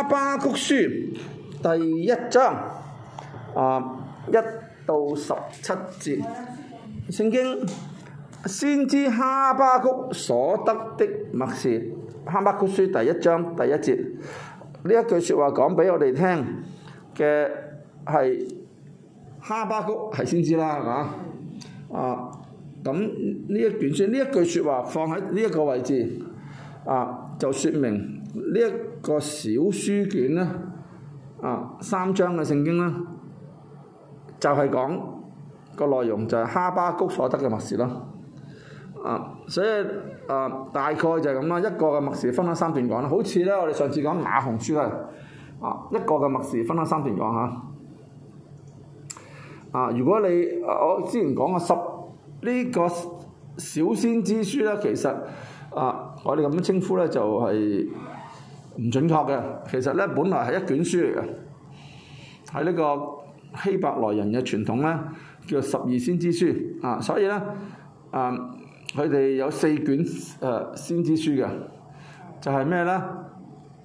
哈巴谷書第一章啊一到十七節，聖經先知哈巴谷所得的默示。哈巴谷書第一章第一節，呢一句說話講俾我哋聽嘅係哈巴谷係先知啦，係嘛，啊咁呢一卷書呢一句說話放喺呢一個位置啊，就說明呢一個小書卷咧，啊三章嘅聖經咧，就係、是、講個內容就係哈巴谷所得嘅默示啦，啊所以啊大概就係咁啦，一個嘅默示分開三段講啦，好似咧我哋上次講那鴻書啦，啊一個嘅默示分開三段講嚇，啊如果你、啊、我之前講嘅十呢、這個小先知書咧，其實啊我哋咁稱呼咧就係、是。唔準確嘅，其實咧本來係一卷書嚟嘅，喺呢個希伯來人嘅傳統咧叫做十二先知書啊，所以咧啊佢哋有四卷誒、呃、先知書嘅，就係咩咧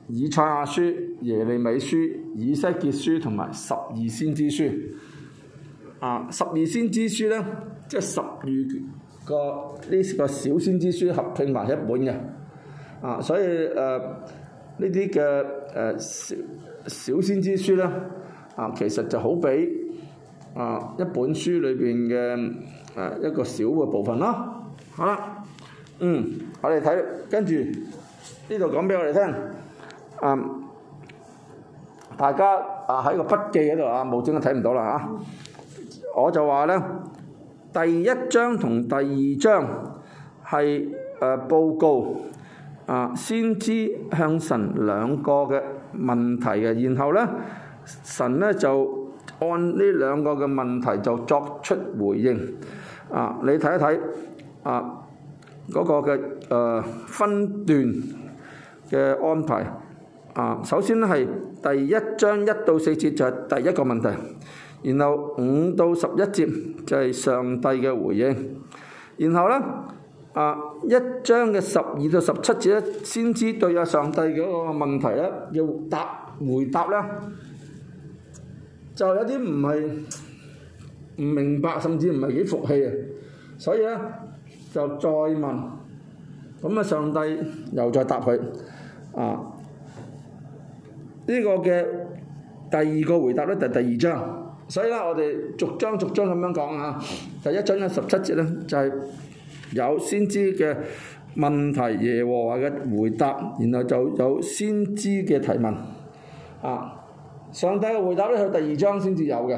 以賽亞書、耶利米書、以西結書同埋十二先知書啊。十二先知書咧即係十二個呢、呢個小先知書合併埋一本嘅啊，所以誒。呃呢啲嘅誒小小先知書咧啊，其實就好比啊一本書裏邊嘅誒一個小嘅部分咯。好、啊、啦，嗯，我哋睇跟住呢度講俾我哋聽。嗯、啊，大家啊喺個筆記嗰度啊，無精都睇唔到啦嚇、啊。我就話咧，第一章同第二章係誒、啊、報告。先知向神兩個嘅問題嘅，然後咧，神咧就按呢兩個嘅問題就作出回應。啊，你睇一睇啊，嗰，那個嘅誒、呃、分段嘅安排。啊，首先咧係第一章一到四節就係第一個問題，然後五到十一節就係上帝嘅回應，然後咧。啊！一章嘅十二到十七節咧，先知對阿上帝嗰個問題咧，要答回答咧，就有啲唔係唔明白，甚至唔係幾服氣啊！所以咧，就再問，咁啊，上帝又再答佢啊！呢個嘅第二個回答咧，就係第二章。所以咧，我哋逐章逐章咁樣講啊！第一章嘅十七節咧，就係。有先知嘅問題，耶和華嘅回答，然後就有先知嘅提問。啊，上帝嘅回答咧，喺第二章先至有嘅。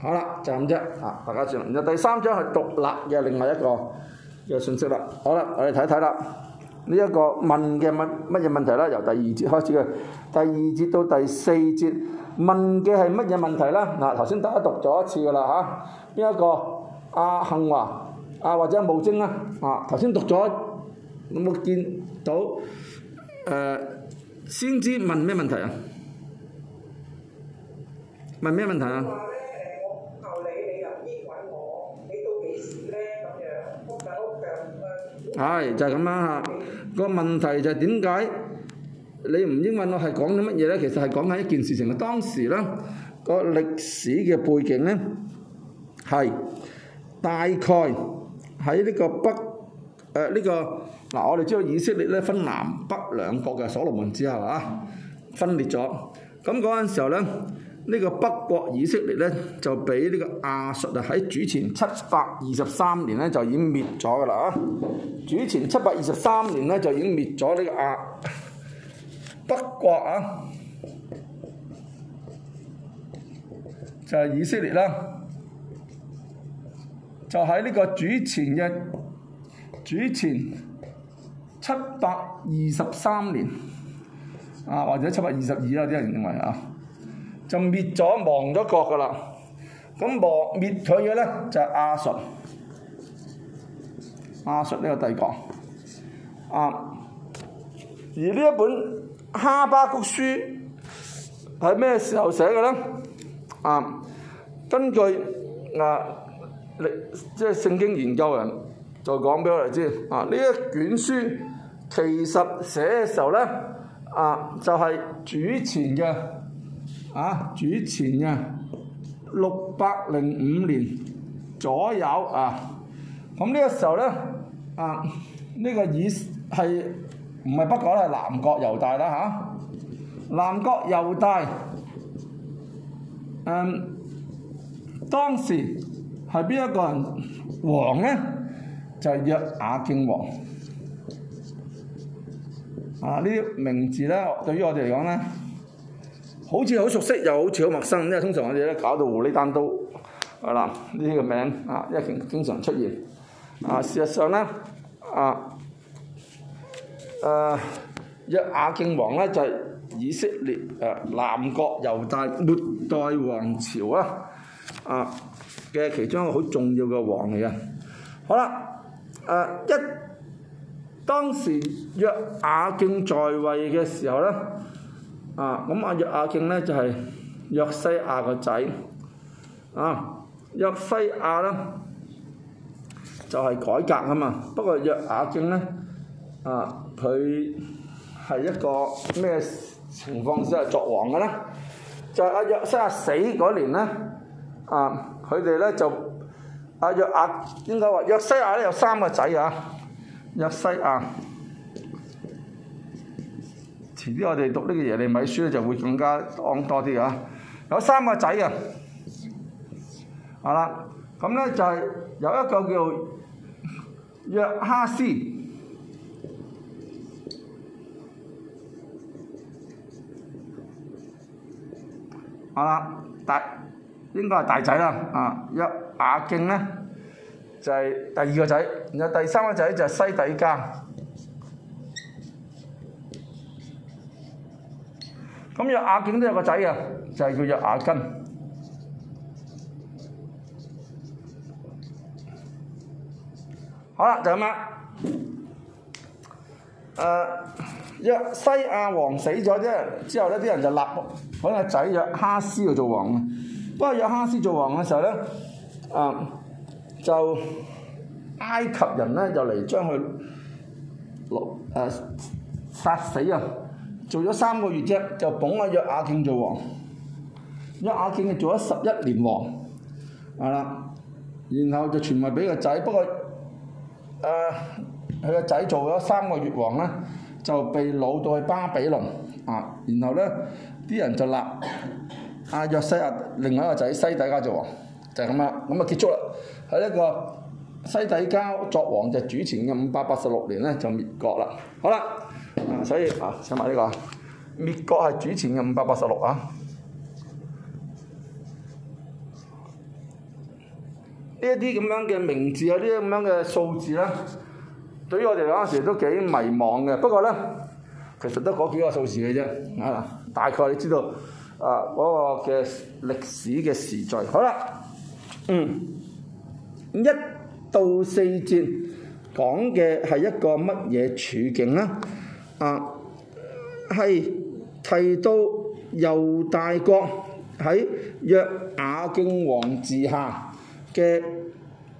好啦，就咁啫。啊，大家注意，然後第三章係獨立嘅另外一個嘅信息啦。好啦，我哋睇睇啦。呢一個問嘅問乜嘢問題咧？由第二節開始嘅，第二節到第四節問嘅係乜嘢問題咧？嗱，頭先大家讀咗一次噶啦嚇，邊一個？阿幸華。啊或者無精啊，啊頭先讀咗有冇見到？誒先知問咩問題啊？問咩問題啊？係就係咁樣啊。個問題就係點解你唔應問我係講緊乜嘢咧？其實係講緊一件事情嘅當時咧，個歷史嘅背景咧係大概。喺呢個北誒呢、呃，這個嗱，我哋知道以色列咧分南北兩國嘅，所羅門之後啊，分裂咗。咁嗰陣時候咧，呢、這個北國以色列咧就俾呢個亞述啊喺主前七百二十三年咧就已經滅咗㗎啦啊！主前七百二十三年咧就已經滅咗呢個亞北國啊，就係、是、以色列啦。就喺呢個主前嘅主前七百二十三年，啊或者七百二十二啦，啲人認為啊，就滅咗亡咗國噶啦，咁亡滅佢嘅咧就係、是、阿述，阿述呢個帝國，啊，而呢一本《哈巴谷》書喺咩時候寫嘅咧？啊，根據啊。即係聖經研究人，就講俾我哋知啊！呢一卷書其實寫嘅時候咧，啊就係、是、主前嘅啊，主前嘅六百零五年左右啊。咁呢個時候咧，啊呢、這個已係唔係北國咧，係南國猶大啦嚇、啊。南國猶大，嗯，當時。係邊一個人王呢？就係約雅敬王。啊！呢啲名字咧，對於我哋嚟講咧，好似好熟悉又好似好陌生。因為通常我哋咧搞到胡里單刀，係、啊、啦，呢、這個名啊，因為經經常出現。啊，事實上咧，啊，誒約雅敬王咧，就係、是、以色列誒、啊、南國猶大末代王朝啊！啊！嘅其中一個好重要嘅王嚟嘅。好啦，誒一當時約亞敬在位嘅時候咧，啊，咁啊約亞敬咧就係約西亞個仔，啊約西亞咧就係改革啊嘛，不過約亞敬咧啊，佢係一個咩情況先係作王嘅咧？就係阿約西亞死嗰年咧啊。佢哋咧就阿約亞，應該話約西亞咧有三個仔啊？約西亞，遲啲我哋讀呢個耶利米書咧就會更加講多啲啊！有三個仔啊，好啦，咁咧就係有一個叫約哈斯，好啦，但應該係大仔啦，啊！約亞敬咧就係、是、第二個仔，然後第三個仔就係西底家。咁有亞敬都有個仔嘅，就係、是、叫亞根。好啦，就咁啦。誒、啊，約西亞王死咗啫，之後咧啲人就立揾個仔叫哈斯做王。不過約哈斯做王嘅時候咧，啊就埃及人咧就嚟將佢落誒殺死啊！做咗三個月啫，就捧啊約亞敬做王。約亞敬做咗十一年王，係啦，然後就傳位俾個仔。不過啊，佢個仔做咗三個月王咧，就被擄到去巴比倫啊，然後咧啲人就立。啊，約西亞、啊、另外一個仔西底加作王，就係咁啦，咁啊結束啦。係呢個西底加作王就係主前嘅五百八十六年咧就滅國啦。好啦，所以啊，請問呢、呢個滅國係主前嘅五百八十六啊？呢一啲咁樣嘅名字啊，呢啲咁樣嘅數字咧，對於我哋嗰陣時都幾迷惘嘅。不過咧，其實都嗰幾個數字嘅啫，啊，大概你知道。啊！嗰、那個嘅歷史嘅時序，好啦，嗯，一到四節講嘅係一個乜嘢處境呢？啊，係提到猶大國喺約雅敬王治下嘅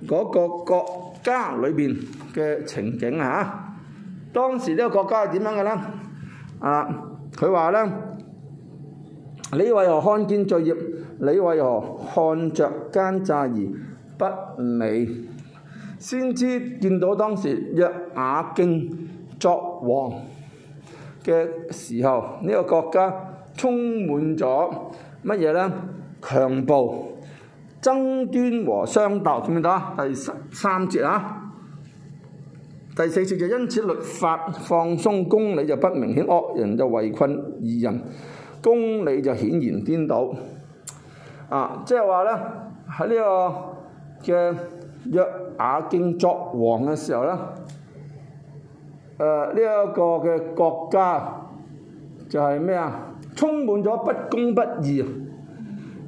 嗰個國家裏邊嘅情景啊！當時呢個國家係點樣嘅咧？啊，佢話咧。你為何看見罪孽？你為何看着奸詐而不理？先知見到當時約雅敬作王嘅時候，呢、這個國家充滿咗乜嘢呢？強暴、爭端和相鬥。見唔見到啊？第三節啊，第四節就因此律法放鬆，公理就不明顯，惡人就圍困義人。公理就顯然顛倒，啊，即係話呢，喺呢個嘅約亞敬作王嘅時候呢，誒呢一個嘅國家就係咩啊？充滿咗不公不義，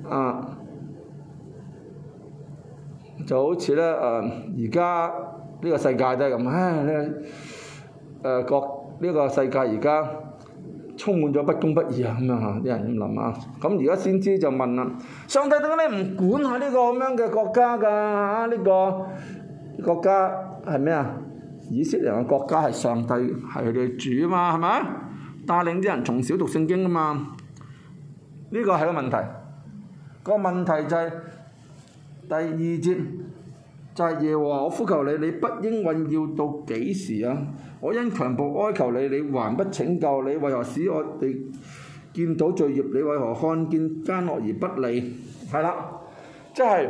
啊，就好似呢，誒而家呢個世界都係咁啊！咧誒、呃、國呢、呢個世界而家。充滿咗不公不義啊，咁樣嚇，啲人咁諗啊，咁而家先知就問啦，上帝點解你唔管下呢個咁樣嘅國家㗎？呢、這個國家係咩啊？以色列嘅國家係上帝係佢哋主啊嘛，係咪啊？帶領啲人從小讀聖經㗎嘛，呢個係個問題。個問題就係、是、第二節。就係耶和華，我呼求你，你不應允要到幾時啊？我因強暴哀求你，你還不拯救？你為何使我哋見到罪孽？你為何看見奸惡而不理？係啦，即係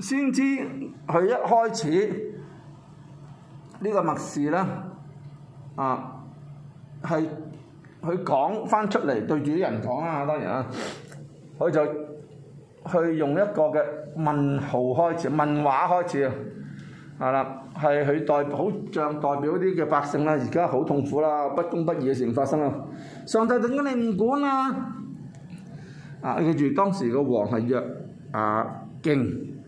先知佢一開始呢、呢個默示呢，啊，係佢講翻出嚟對住啲人講啊，當然啊，佢就去用一個嘅。問號開始，問話開始啊！係啦，係佢代，好像代表啲嘅百姓啦，而家好痛苦啦，不公不義嘅事情發生啦，上帝點解你唔管啊？啊，記住當時個王係約阿敬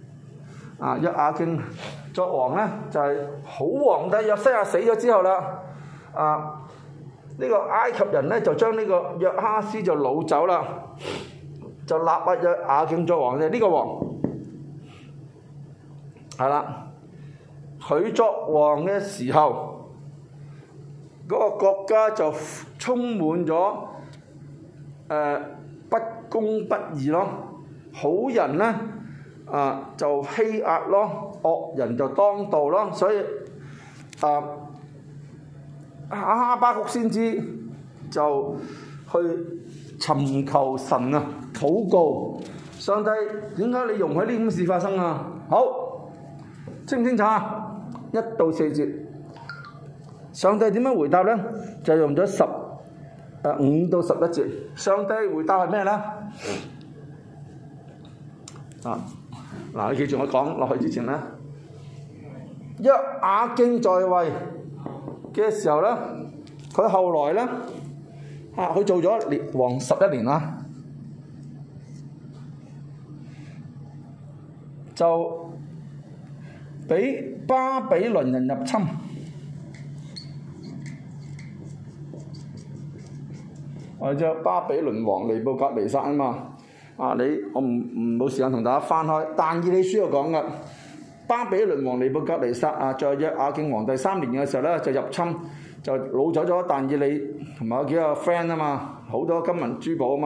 啊，約阿敬作王咧，就係好皇帝。約西亞死咗之後啦，啊呢個埃及人咧就將呢個約哈斯就擄走啦，就立啊約阿敬作王嘅呢個王。係啦，佢作王嘅時候，嗰、那個國家就充滿咗誒、呃、不公不義咯。好人呢，啊、呃、就欺壓咯，惡人就當道咯。所以啊，阿、呃、哈巴谷先知就去尋求神啊，禱告上帝點解你容許呢啲事發生啊？好。清唔清楚啊？一到四節，上帝點樣回答呢？就用咗十，啊五到十一節。上帝回答係咩呢？嗯，啊你？啊，嗱，記住我講落去之前呢，約雅敬在位嘅時候呢，佢後來呢，啊，佢做咗列王十一年啦，就。俾巴比倫人入侵，或者巴比倫王尼布甲尼撒啊嘛，啊你我唔唔冇時間同大家翻開。但以理書有講嘅，巴比倫王尼布甲尼撒啊，再約亞敬皇帝三年嘅時候咧就入侵，就攞走咗但以理同埋佢幾個 friend 啊嘛，好多金銀珠寶啊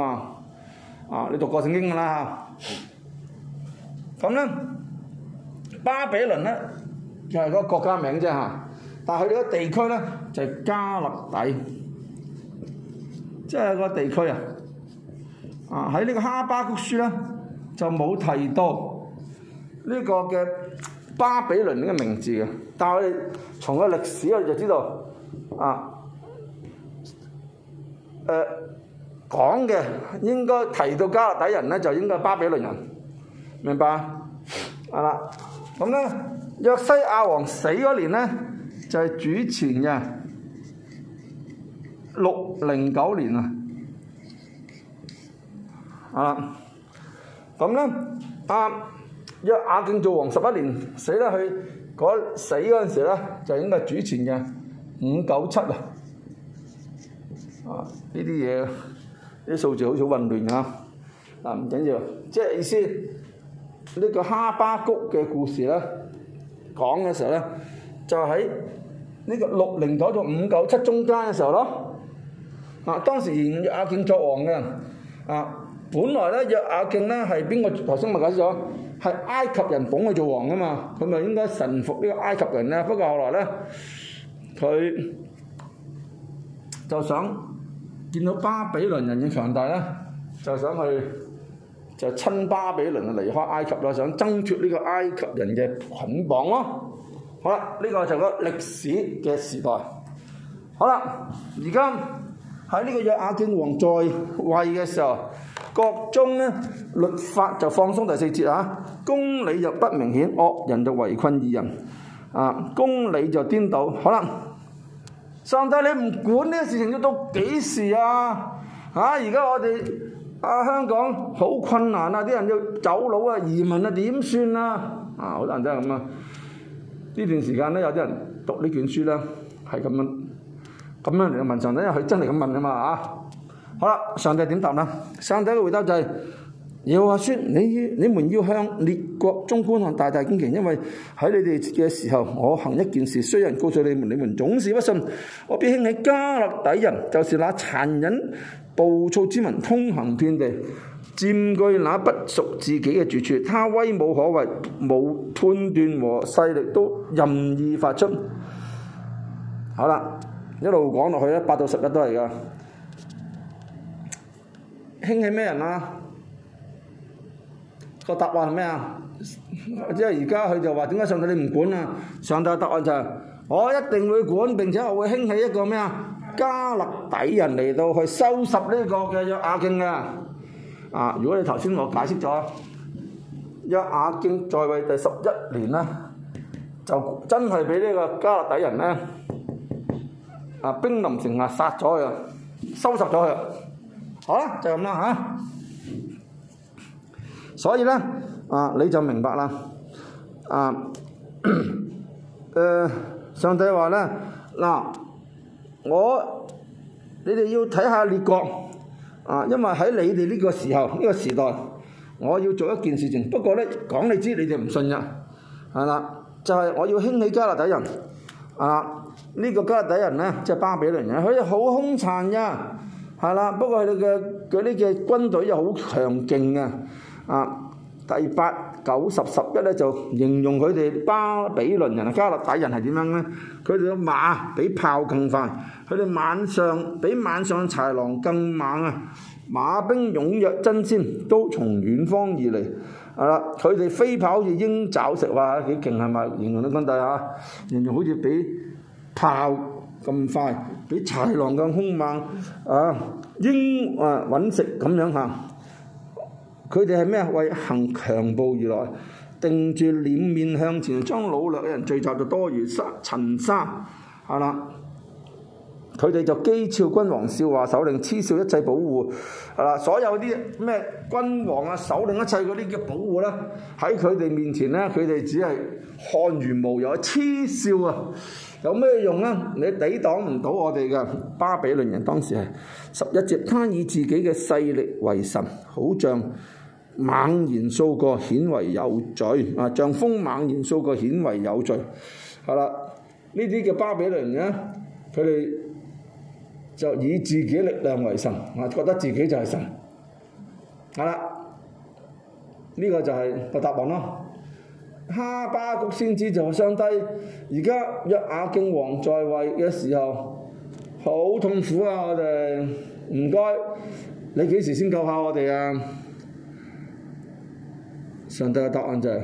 嘛，啊你讀過聖經㗎啦嚇，咁咧。巴比倫呢，就係嗰國家名啫，但係佢哋個地區呢，就係加勒底，即係個地區啊！啊喺呢個哈巴谷書呢，就冇提到呢個嘅巴比倫呢個名字嘅，但係我哋從個歷史我哋就知道啊，誒講嘅應該提到加勒底人呢，就應該係巴比倫人，明白啊？咁咧，約西亞王死嗰年咧，就係主前嘅六零九年啊。啊，咁咧阿約亞敬做王十一年，死咧去。嗰死嗰陣時咧，就係應該主前嘅五九七啊。呢啲嘢呢啲數字好似混亂啊。嗱，唔緊要，即係意思。呢個哈巴谷嘅故事咧，講嘅時候咧，就喺、是、呢個六零九到五九七中間嘅時候咯。啊，當時約亞敬作王嘅，啊，本來咧約亞敬咧係邊個頭先咪講咗？係埃及人捧佢做王㗎嘛，佢咪應該臣服呢個埃及人啦。不過後來咧，佢就想見到巴比倫人嘅強大咧，就想去。就親巴比倫啊，離開埃及啦，想掙脫呢個埃及人嘅捆綁咯。好啦，呢、這個就係個歷史嘅時代。好啦，而家喺呢個約雅敬王在位嘅時候，國中咧律法就放鬆，第四節啊，公理就不明顯，惡人就圍困義人。啊，公理就顛倒。好啦，上帝你唔管呢個事情要到幾時啊？啊，而家我哋。啊！香港好困難啊！啲人要走佬啊，移民啊，點算啊？啊，好多人真係咁啊！呢段時間咧，有啲人讀呢卷書咧，係咁樣咁樣嚟問上帝，因為佢真係咁問㗎嘛？啊！好啦，上帝點答咧？上帝嘅回答就係、是。又話，説，你，你們要向列國中觀看，大大驚奇。因為喺你哋嘅時候，我行一件事，雖然告訴你們，你們總是不信。我必興起迦勒底人，就是那殘忍暴躁之民，通行遍地，佔據那不屬自己嘅住處。他威武可畏，冇判斷和勢力都任意發出。好啦，一路講落去啦，八到十一都係㗎。興起咩人啊？個答案係咩啊？即係而家佢就話點解上帝你唔管啊？上帝嘅答案就係、是、我一定會管，並且我會興起一個咩啊？加勒底人嚟到去收拾呢個嘅約雅敬嘅。啊，如果你頭先我解釋咗約雅敬在位第十一年啦，就真係俾呢個加勒底人咧啊兵臨城下殺咗佢，啊，收拾咗佢。好啦，就咁啦嚇。啊所以咧，啊你就明白啦，啊，誒、呃、上帝話咧，嗱，我你哋要睇下列國，啊，因為喺你哋呢個時候呢、呢個時代，我要做一件事情。不過咧，講你知你哋唔信呀，係啦，就係、是、我要興起加勒底人，啊呢、呢個加勒底人咧即係巴比倫人，佢哋好兇殘呀，係啦，不過佢哋嘅嗰啲嘅軍隊又好強勁啊。啊！第八九十十一咧就形容佢哋巴比倫人啊、迦勒底人係點樣咧？佢哋嘅馬比豹更快，佢哋晚上比晚上豺狼更猛啊！馬兵踴躍爭先，都從遠方而嚟，係、啊、啦。佢哋飛跑似鷹爪食哇，幾勁係咪？形容得軍隊啊，形容好似比豹咁快，比豺狼更凶猛啊！鷹啊揾食咁樣行。啊。佢哋係咩？為行強暴而來，定住臉面向前，將擄掠嘅人聚集到多如沙塵沙，係啦。佢哋就譏笑君王，笑話首領，嗤笑一切保護，係啦。所有啲咩君王啊、首領一切嗰啲嘅保護啦，喺佢哋面前咧，佢哋只係汗如無有。」「嗤笑啊！有咩用啊？你抵擋唔到我哋嘅巴比倫人。當時係十一節，他以自己嘅勢力為神，好像。猛然掃過顯為有罪，啊！像風猛然掃過顯為有罪，好啦。呢啲叫巴比倫咧，佢哋就以自己力量為神，啊，覺得自己就係神，好啦。呢、呢個就係個答案咯。哈巴谷先知就相低，而家約雅敬王在位嘅時候，好痛苦啊我！我哋唔該，你幾時先救下我哋啊？上帝嘅答案就係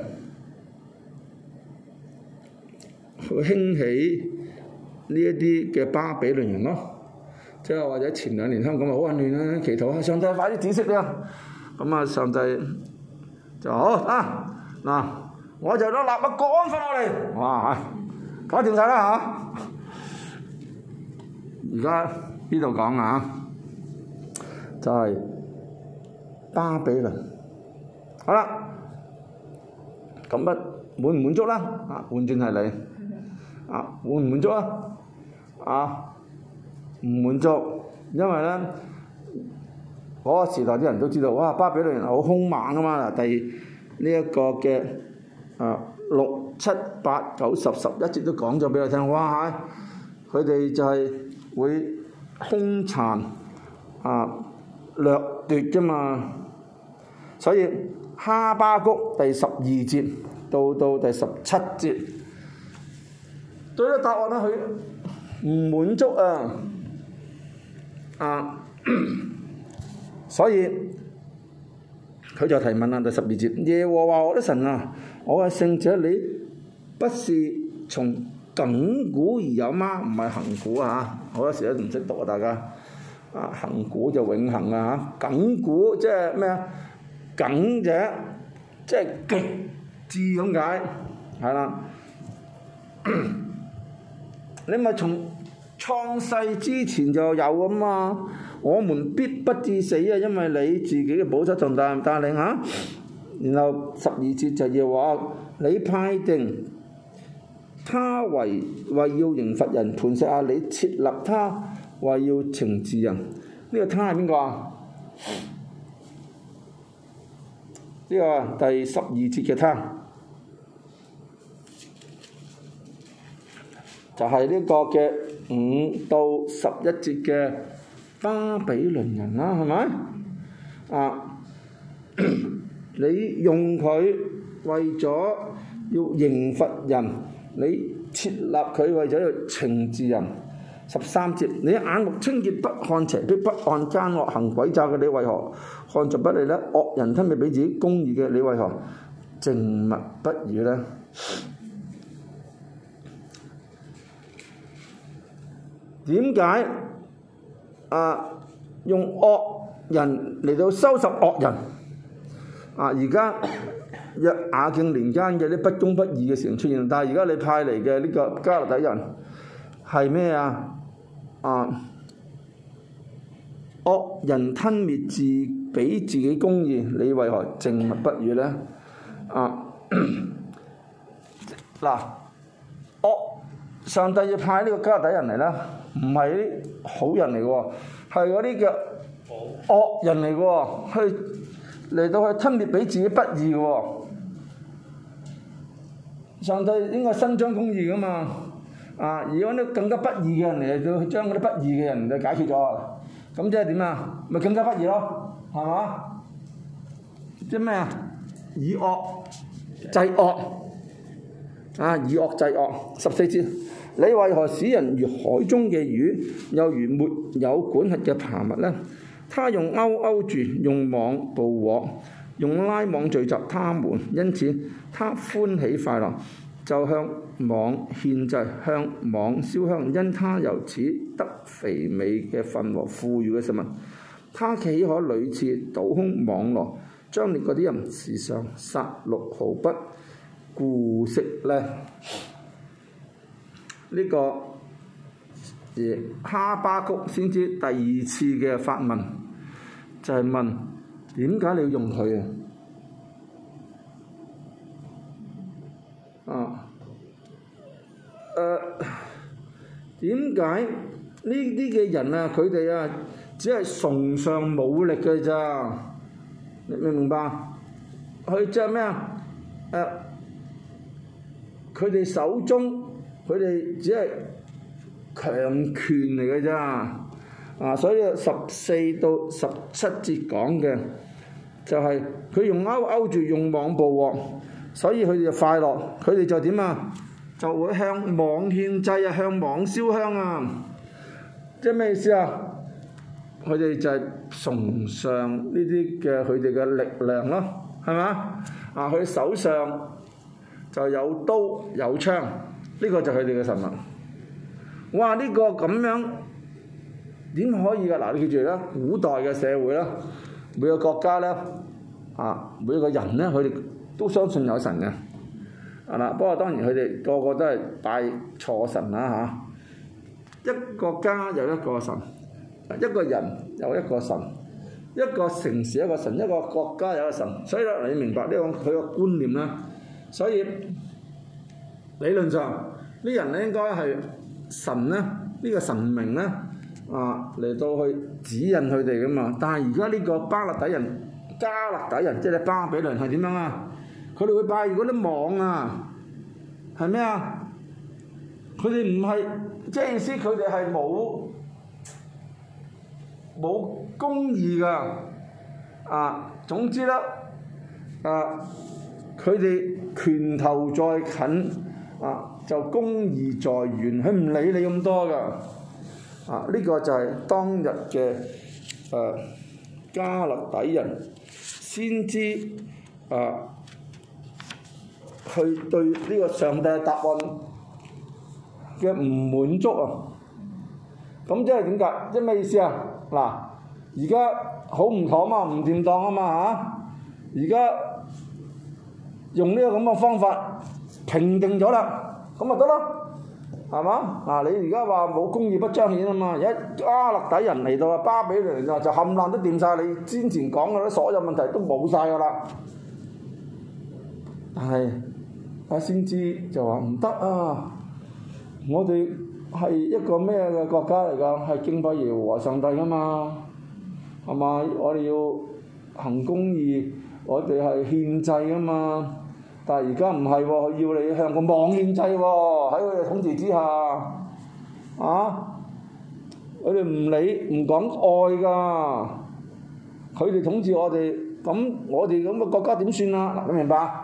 去興起呢一啲嘅巴比倫人咯，即係或者前兩年香港咪好混亂啦、啊，祈禱啊！上帝快啲指示啦，咁啊上帝就好啊嗱、啊，我就攞即刻趕翻落嚟，哇搞掂曬啦嚇！而家呢度講啊？現在這裏就係、是、巴比倫，好啦。咁乜滿唔滿足啦、mm hmm. 啊？啊，換轉係你，啊滿唔滿足啊？啊，唔滿足，因為咧嗰、嗰個時代啲人都知道，哇！巴比倫人好兇猛啊嘛，第二，呢、呢、一個嘅啊六七八九十十一，節都講咗俾我聽，哇嗨！佢哋就係會兇殘啊掠奪㗎嘛，所以。哈巴谷第十二節到到第十七節，對於答案呢、啊，佢唔滿足啊，啊，所以佢就提問啦。第十二節，耶和華我的神啊，我的聖者，你，不是從亘古而有嗎？唔係恒古啊，好多時都唔識讀啊，大家啊，恆古就永恆啊，哈，亘古即係咩啊？梗者，即係極致咁解，係啦。 你咪從創世之前就有啊嘛。我們必不至死啊，因為你自己嘅保守重大帶領啊。然後十二節就要話你派定他為為要刑罰人，盤石啊！你設立他為要懲治人，呢、這個他係邊個啊？呢個第十二節嘅他就係、是、呢個嘅五到十一節嘅巴比倫人啦，係咪？啊， 你用佢為咗要刑罰人，你設立佢為咗要懲治人。十三節，你眼目清潔，不看邪僻，不看奸惡，行詭詐嘅，你為何看著不理呢？惡人吞咪俾自己公義嘅，你為何靜默不語呢？點解啊？用惡人嚟到收拾惡人啊？而家若亞敬年間嘅啲不忠不義嘅事情出現，但係而家你派嚟嘅呢個加勒底人。係咩啊？啊！惡人吞滅自俾自己公義，你為何靜默不語呢？啊！嗱，惡上帝要派呢個迦勒底人嚟啦，唔係啲好人嚟嘅喎，係嗰啲叫惡人嚟嘅喎，去嚟到去吞滅畀自己不義嘅喎，啊。上帝應該伸張公義嘅嘛？啊！而揾啲更加不義嘅人嚟到去將嗰啲不義嘅人嘅解決咗，咁即係點啊？咪更加不義咯，係嘛？即係咩啊？以惡制惡啊！以惡制惡，十四節。你為何使人如海中嘅魚，又如沒有管轄嘅爬物呢？他用勾勾住，用網捕獲，用拉網聚集他們，因此他歡喜快樂。就向網獻祭，向網燒香，因他由此得肥美嘅分和富裕嘅食物。他豈可屢次倒空網絡，將你嗰啲人時常殺戮毫不顧惜呢？呢、這個亦哈巴谷先知第二次嘅發問，就係、是、問點解你要用佢啊？點解呢啲嘅人啊，佢哋啊，只係崇尚武力嘅咋？你明唔明白？佢著咩啊？誒，佢哋手中，佢哋只係強權嚟嘅咋？啊，所以十四到十七節講嘅就係佢用勾勾住用網捕獲，所以佢哋就快樂。佢哋就點啊？就會向網獻祭啊，向網燒香啊，即係咩意思啊？佢哋就係崇尚呢啲嘅佢哋嘅力量咯，係咪？啊，佢手上就有刀有槍，呢個就係佢哋嘅神物。哇！呢個咁樣點可以噶？嗱，你記住啦，古代嘅社會啦，每個國家咧，啊，每個人咧，佢哋都相信有神嘅。係啦，不過當然佢哋個個都係拜錯神啦嚇，一個家有一個神，一個人有一個神，一個城市一個神，一個國家有個神，所以咧你明白呢個佢個觀念啦。所以理論上呢人咧應該係神咧呢個神明咧啊嚟到去指引佢哋噶嘛，但係而家呢個巴勒底人，加勒底人，即係巴比倫係點樣啊？佢哋會拜嗰啲網啊，係咩啊？佢哋唔係，即係意思佢哋係冇冇公義噶。啊，總之咧，啊，佢哋拳頭再近啊，就公義在遠，佢唔理你咁多噶。啊，呢、呢個就係當日嘅誒、啊、加勒底人先知啊。佢對呢個上帝嘅答案嘅唔滿足啊！咁即係點解？即係咩意思啊？嗱，而家好唔妥啊嘛，唔掂當啊嘛嚇！而家用呢個咁嘅方法平定咗啦，咁咪得咯，係嘛？嗱，你而家話冇公義不彰顯啊嘛？一迦勒底人嚟到啊，巴比倫啊就冚唪唥都掂曬，你先前講嗰啲所有問題都冇曬㗎啦，但係，啊！先知就話唔得啊！我哋係一個咩嘅國家嚟㗎？係敬拜耶和華上帝㗎嘛？係嘛？我哋要行公義，我哋係獻祭㗎嘛？但係而家唔係喎，佢要你向個王獻祭喎！喺佢哋統治之下，啊！佢哋唔理唔講愛㗎，佢哋統治我哋，咁我哋咁嘅國家點算啊？嗱，你明白？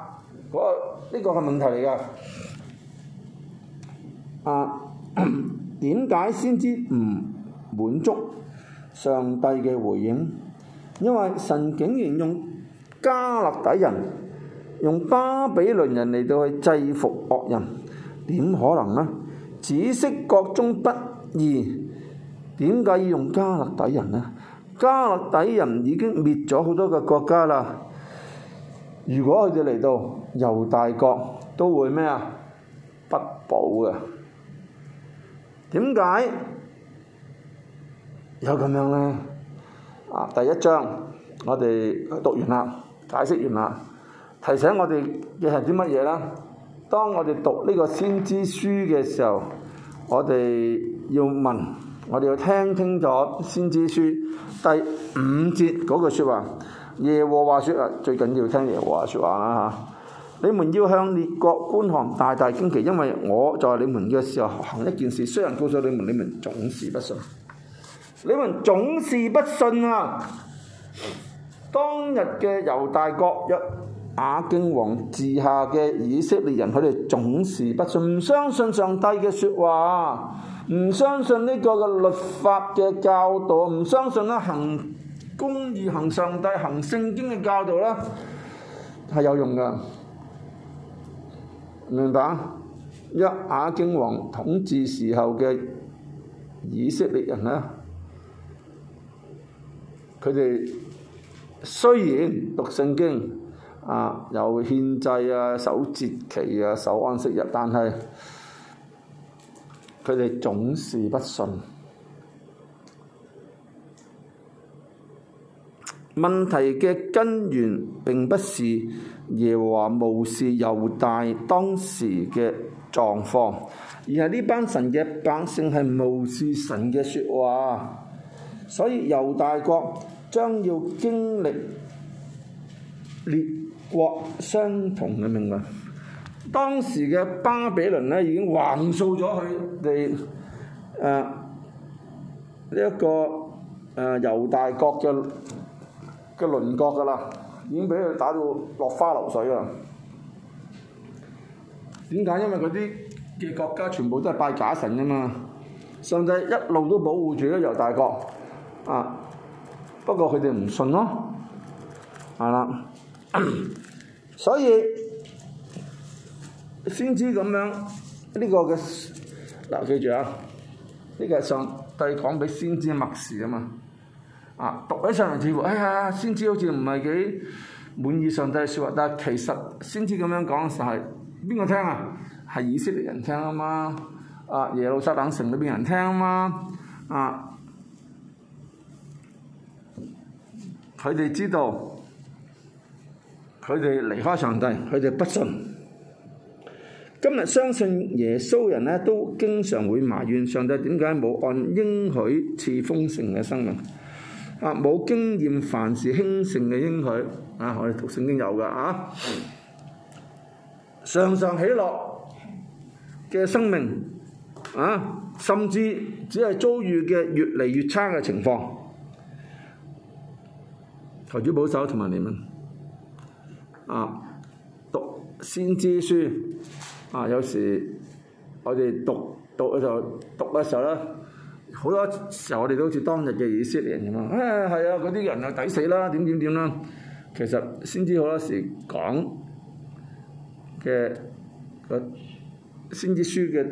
呢個係問題嚟㗎。啊，點解先知唔滿足上帝嘅回應？因為神竟然用加勒底人、用巴比倫人嚟到去制服惡人，點可能呢？止息國中不義，點解要用加勒底人呢？加勒底人已經滅咗好多個國家啦。如果佢哋嚟到猶大國，都會咩啊？不保嘅。點解又咁樣咧？啊，第一章我哋讀完啦，解釋完啦，提醒我哋嘅係啲乜嘢咧？當我哋讀呢個先知書嘅時候，我哋要問，我哋要聽清楚先知書第五節嗰句説話。耶和華說啊，最緊要聽耶和華說話啦。吓，你們要向列國觀看大大驚奇，因為我在你們嘅時候行一件事，雖然告訴你們，你們總是不信。你們總是不信啊！當日嘅猶大國約亞敬王治下嘅以色列人，佢哋總是不信，唔相信上帝嘅說話，唔相信呢個嘅律法嘅教導，唔相信咧行。公義行上帝行聖經嘅教導啦，係有用噶，明白啊？一亞經王統治時候嘅以色列人咧，佢哋雖然讀聖經啊，又獻祭啊、守節期啊、守安息日，但係佢哋總是不信。問題嘅根源並不是耶和華無視猶大當時嘅狀況，而係呢班神嘅百姓係無視神嘅說話，所以猶大國將要經歷列國相同嘅命運。當時嘅巴比倫咧已經橫掃咗佢哋呢一個誒、呃、猶大國嘅。嘅輪廓㗎喇，已經俾佢打到落花流水啊！點解？因為嗰啲嘅國家全部都係拜假神啊嘛！上帝一路都保護住呢個大國、啊、不過佢哋唔信咯，係啦， 所以先知咁樣呢、呢個嘅嗱、啊、記住啊，呢、呢個上帝講俾先知默示啊嘛。啊，讀起上嚟似乎，哎呀，先知好似唔係幾滿意上帝嘅説話，但係其實先知咁樣講嘅時候係邊個聽啊？係以色列人聽啊嘛，啊，耶路撒冷城裏邊人聽啊嘛，啊，佢哋知道，佢哋離開上帝，佢哋不信。今日相信耶穌人呢，都經常會埋怨上帝點解冇按應許賜豐盛嘅生命。啊！冇經驗，凡事興盛嘅應許，啊！我哋讀聖經有噶啊、嗯，常常喜樂嘅生命，啊，甚至只係遭遇嘅越嚟越差嘅情況。求主保守同埋憐憫，啊，讀先知書，啊，有時我哋讀讀嘅時候，讀嘅時候咧。好多時候我哋都好似當日嘅以色列人咁、哎、啊，唉係啊，嗰啲人啊抵死啦，點點點啦。其實先知好多時講嘅嗰先知書嘅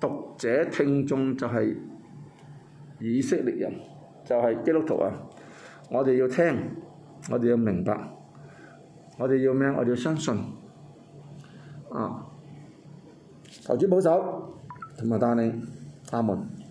讀者聽眾就係以色列人，就係、是、基督徒啊！我哋要聽，我哋要明白，我哋要咩？我哋要相信啊！求主保守，同埋帶領他們。